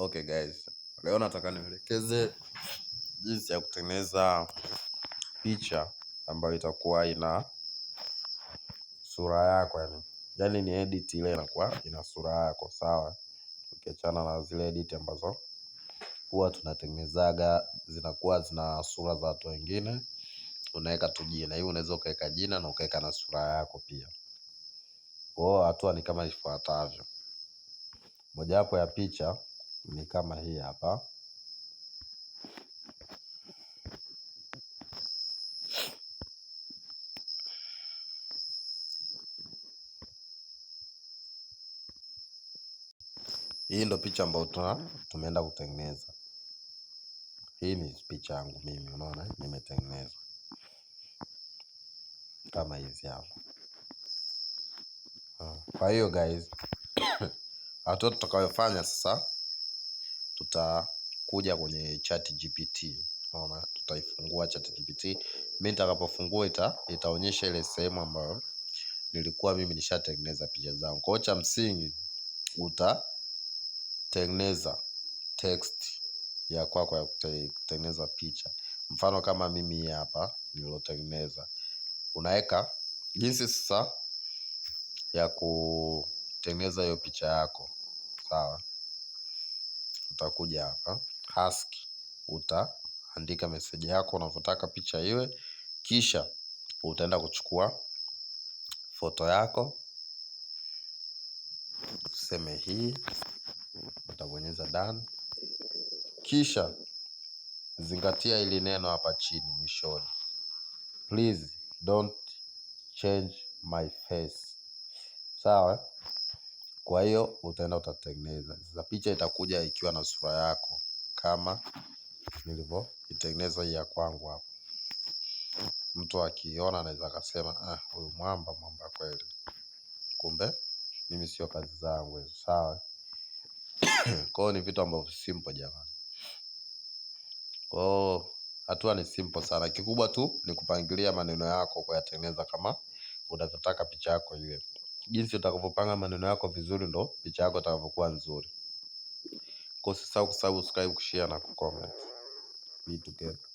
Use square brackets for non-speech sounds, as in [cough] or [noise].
Okay guys, leo nataka nielekeze jinsi ya kutengeneza picha ambayo itakuwa ina sura yako yani, yani ni edit ile inakuwa ina sura yako sawa, ukiachana na zile edit ambazo huwa tunatengenezaga zinakuwa zina sura za watu wengine, unaweka tu jina. Hii unaweza ukaweka jina na ukaweka na sura yako pia. Kwa hiyo hatua ni kama ifuatavyo: mojawapo ya picha ni kama hii hapa. Hii ndo picha ambayo tumeenda kutengeneza. Hii ni picha yangu mimi, unaona nimetengeneza kama hizi hapa. Ah, kwa hiyo guys, [coughs] hatua tutakayofanya sasa tutakuja kwenye chat GPT. Unaona, tutaifungua chat GPT. Mimi nitakapofungua ita, itaonyesha ile sehemu ambayo nilikuwa mimi nishatengeneza picha zangu. Kwa cha msingi utatengeneza text ya kwako kwa ya kutengeneza picha. Mfano kama mimi hapa nililotengeneza, unaweka jinsi sasa ya kutengeneza hiyo picha yako, sawa utakuja hapa ask, utaandika meseji yako unavyotaka picha iwe, kisha utaenda kuchukua foto yako, tuseme hii, utabonyeza done, kisha zingatia hili neno hapa chini mwishoni, please don't change my face. Sawa. Kwa hiyo utaenda utatengeneza. Sasa picha itakuja ikiwa na sura yako kama nilivyoitengeneza hii ya kwangu hapa. Mtu akiona anaweza akasema, ah, huyu mwamba mwamba kweli, kumbe mimi sio kazi zangu hizo. Sawa. [coughs] Kwa hiyo ni vitu ambavyo simple jamani. Kwa hiyo hatua ni simple sana, kikubwa tu ni kupangilia maneno yako kuyatengeneza kama unavyotaka picha yako iwe jinsi utakavyopanga maneno yako vizuri ndo picha yako itakavyokuwa nzuri. Kwa usisahau kusubscribe, kushare na kucomment. Be together.